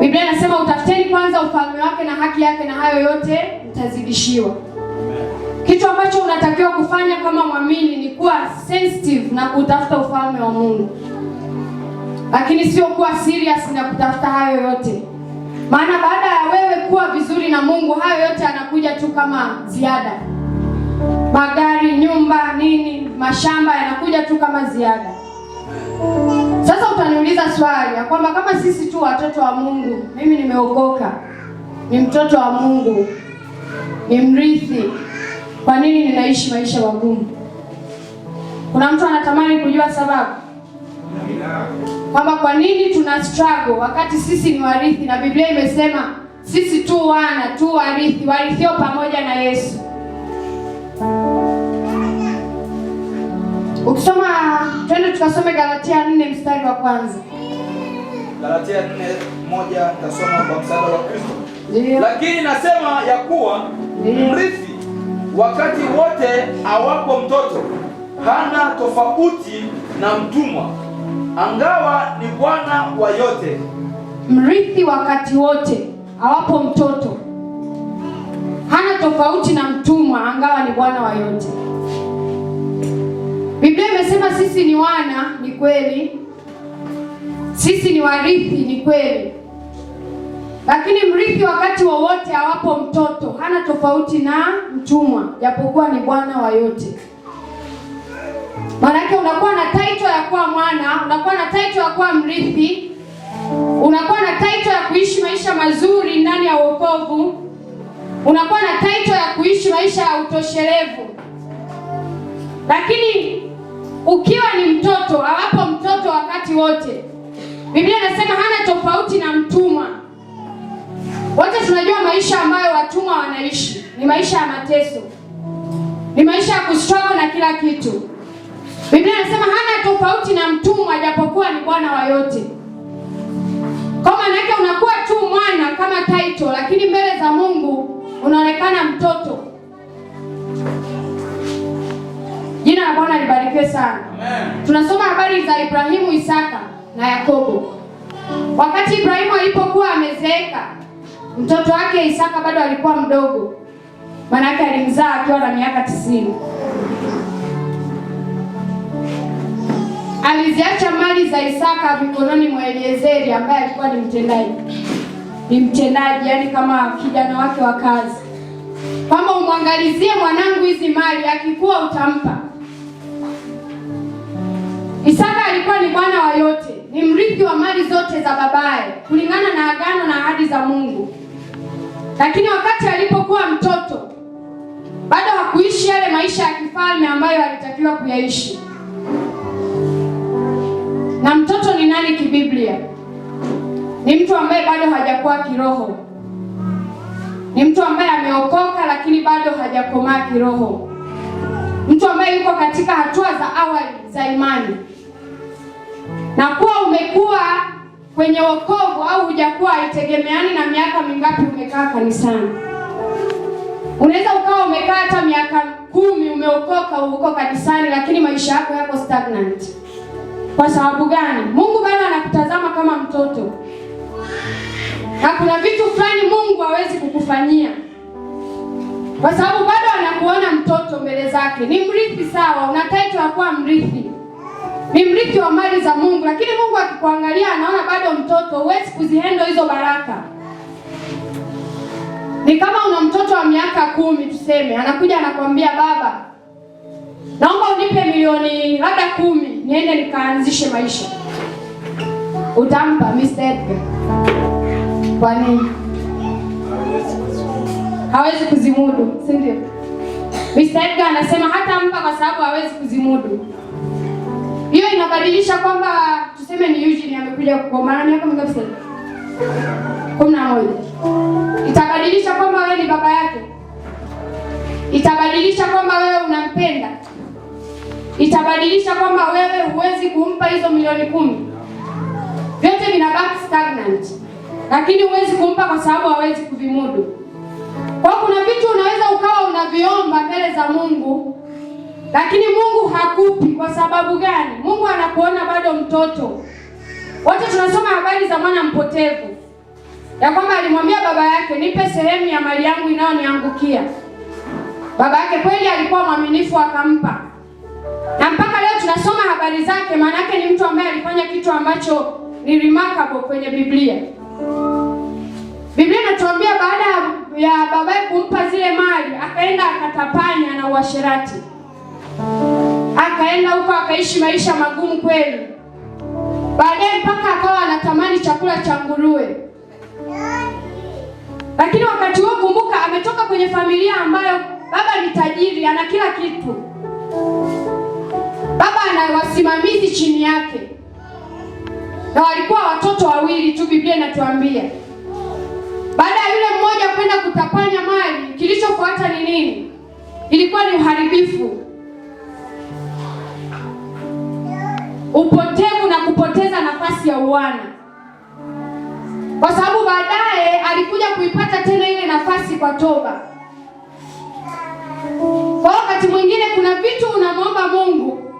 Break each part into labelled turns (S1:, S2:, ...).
S1: Biblia inasema utafuteni kwanza ufalme wake na haki yake, na hayo yote utazidishiwa. Kitu ambacho unatakiwa kufanya kama mwamini ni kuwa sensitive na kutafuta ufalme wa Mungu, lakini sio kuwa serious na kutafuta hayo yote, maana baada ya wewe kuwa vizuri na Mungu, hayo yote yanakuja tu kama ziada. Magari, nyumba, nini, mashamba yanakuja tu kama ziada. Sasa utaniuliza swali ya kwamba kama sisi tu watoto wa Mungu, mimi nimeokoka, ni mtoto wa Mungu, ni mrithi, kwa nini ninaishi maisha magumu? Kuna mtu anatamani kujua sababu kwamba kwa nini tuna struggle wakati sisi ni warithi, na Biblia imesema sisi tu wana tu warithi, warithio pamoja na Yesu. Ukisoma twende tukasome Galatia nne mstari wa kwanza.
S2: Galatia 4 moja tasoma kwa msaada wa Kristo. Lakini nasema ya kuwa mrithi wakati wote awapo mtoto hana tofauti na mtumwa, angawa ni bwana wa yote.
S1: Mrithi wakati wote awapo mtoto hana tofauti na mtumwa, angawa ni bwana wa yote. Biblia imesema sisi ni wana, ni kweli, sisi ni warithi, ni kweli, lakini mrithi wakati wowote wa awapo mtoto hana tofauti na mtumwa, japokuwa ni bwana wa yote. Maanake unakuwa na title ya kuwa mwana, unakuwa na title ya kuwa mrithi, unakuwa na title ya kuishi maisha mazuri ndani ya wokovu, unakuwa na title ya kuishi maisha ya utoshelevu, lakini ukiwa ni mtoto, awapo mtoto wakati wote. Biblia inasema hana tofauti na mtumwa. Wote tunajua maisha ambayo watumwa wanaishi ni maisha ya mateso, ni maisha ya kustruggle na kila kitu. Biblia inasema hana tofauti na mtumwa, japokuwa ni bwana wa yote. Kwa maana yake unakuwa tu mwana kama title, lakini mbele za Mungu unaonekana mtoto. sana. Amen. Tunasoma habari za Ibrahimu, Isaka na Yakobo. Wakati Ibrahimu alipokuwa amezeeka, mtoto wake Isaka bado alikuwa mdogo, manake alimzaa akiwa na miaka tisini. Aliziacha mali za Isaka mikononi mwa Eliezeri ambaye alikuwa ni mtendaji, ni mtendaji yani kama kijana wake wa kazi, kwamba umwangalizie mwanangu hizi mali, akikuwa utampa Isaka alikuwa ni bwana wa yote, ni mrithi wa mali zote za babaye kulingana na agano na ahadi za Mungu. Lakini wakati alipokuwa mtoto bado hakuishi yale maisha ya kifalme ambayo alitakiwa kuyaishi. Na mtoto ni nani kibiblia? Ni mtu ambaye bado hajakuwa kiroho, ni mtu ambaye ameokoka lakini bado hajakomaa kiroho, mtu ambaye yuko katika hatua za awali za imani na kuwa umekuwa kwenye wokovu au hujakuwa, haitegemeani na miaka mingapi umekaa kanisani. Unaweza ukawa umekaa hata miaka kumi, umeokoka uko kanisani, lakini maisha yako yako stagnant. Kwa sababu gani? Mungu bado anakutazama kama mtoto, na kuna vitu fulani Mungu hawezi kukufanyia kwa sababu bado anakuona mtoto mbele zake. Ni mrithi sawa, una title ya kuwa mrithi ni mrithi wa mali za Mungu, lakini Mungu akikuangalia anaona bado mtoto, huwezi kuzihendo hizo baraka. Ni kama una mtoto wa miaka kumi tuseme, anakuja anakwambia, baba, naomba unipe milioni labda kumi niende nikaanzishe maisha. Utampa Mr. kwa nini? Hawezi kuzimudu, si ndio? Mr. Edgar anasema hata mpa kwa sababu hawezi kuzimudu. Hiyo inabadilisha kwamba tuseme ni Eugene amekuja kwa miaka mingapi sasa? Kumi na moja. Itabadilisha kwamba wewe ni baba yake. Itabadilisha kwamba wewe unampenda. Itabadilisha kwamba wewe huwezi kumpa hizo milioni kumi. Vyote vinabaki stagnant. Lakini huwezi kumpa kwa sababu hawezi kuvimudu. Kwa kuna vitu unaweza ukawa unaviomba mbele za Mungu lakini Mungu hakupi. Kwa sababu gani? Mungu anakuona bado mtoto. Wote tunasoma habari za mwana mpotevu ya kwamba alimwambia baba yake, nipe sehemu ya mali yangu inayoniangukia. Baba yake kweli alikuwa mwaminifu, akampa, na mpaka leo tunasoma habari zake. Maana yake ni mtu ambaye alifanya kitu ambacho ni remarkable kwenye Biblia. Biblia inatuambia baada ya babaye kumpa zile mali, akaenda akatapanya na uasherati akaenda huko akaishi maisha magumu kweli. Baadaye mpaka akawa anatamani chakula cha nguruwe, lakini wakati huo kumbuka, ametoka kwenye familia ambayo baba ni tajiri, ana kila kitu, baba ana wasimamizi chini yake na walikuwa watoto wawili tu, Biblia inatuambia. Baada ya yule mmoja kwenda kutapanya mali, kilichofuata ni nini? Ilikuwa ni uharibifu. upotevu na kupoteza nafasi ya uwana, kwa sababu baadaye alikuja kuipata tena ile nafasi kwa toba. Kwa wakati mwingine kuna vitu unamwomba Mungu,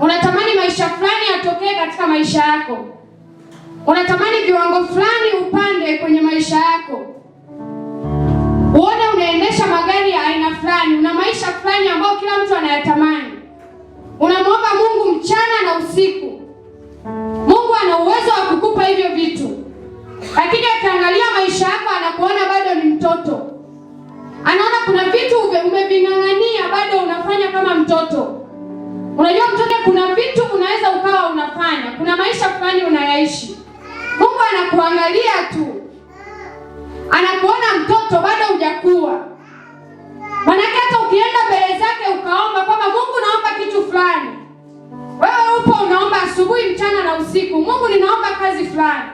S1: unatamani maisha fulani yatokee katika maisha yako, unatamani viwango fulani upande kwenye maisha yako, uone unaendesha magari ya aina fulani, una maisha fulani ambayo kila mtu anayatamani hivyo vitu, lakini akiangalia maisha yako anakuona bado ni mtoto, anaona kuna vitu umeving'ang'ania bado unafanya kama mtoto. Unajua mtoto, kuna vitu unaweza ukawa unafanya, kuna maisha fulani unayaishi. Mungu anakuangalia tu, anakuona mtoto, bado hujakuwa. Maanake hata ukienda mbele usiku. Mungu, ninaomba kazi fulani.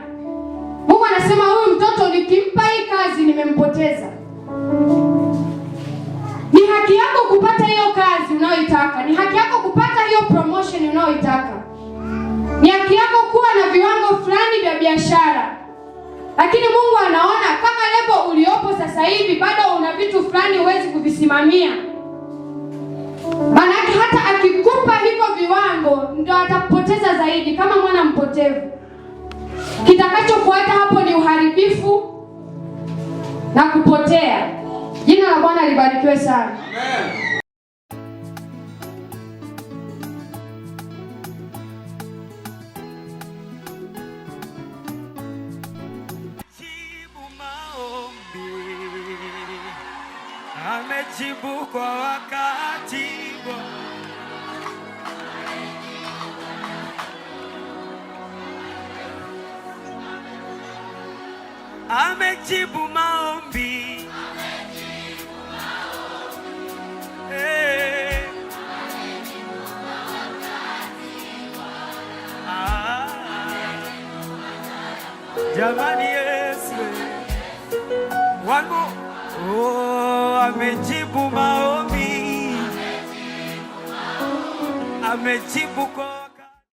S1: Mungu anasema huyu mtoto nikimpa hii kazi nimempoteza. Ni haki yako kupata hiyo kazi unayoitaka, ni haki yako kupata hiyo promotion unayoitaka, ni haki yako kuwa na viwango fulani vya biashara, lakini Mungu anaona kama lebo uliopo sasa hivi bado una vitu fulani huwezi kuvisimamia, maanake hata zaidi kama mwana mpotevu. Kitakachofuata hapo ni uharibifu na kupotea. Jina la Bwana libarikiwe sana. Amen. Amejibu kwa wakati. amejibu maombi eh. Jamani, Yesu wangu oh, amejibu maombi, amejibu kwa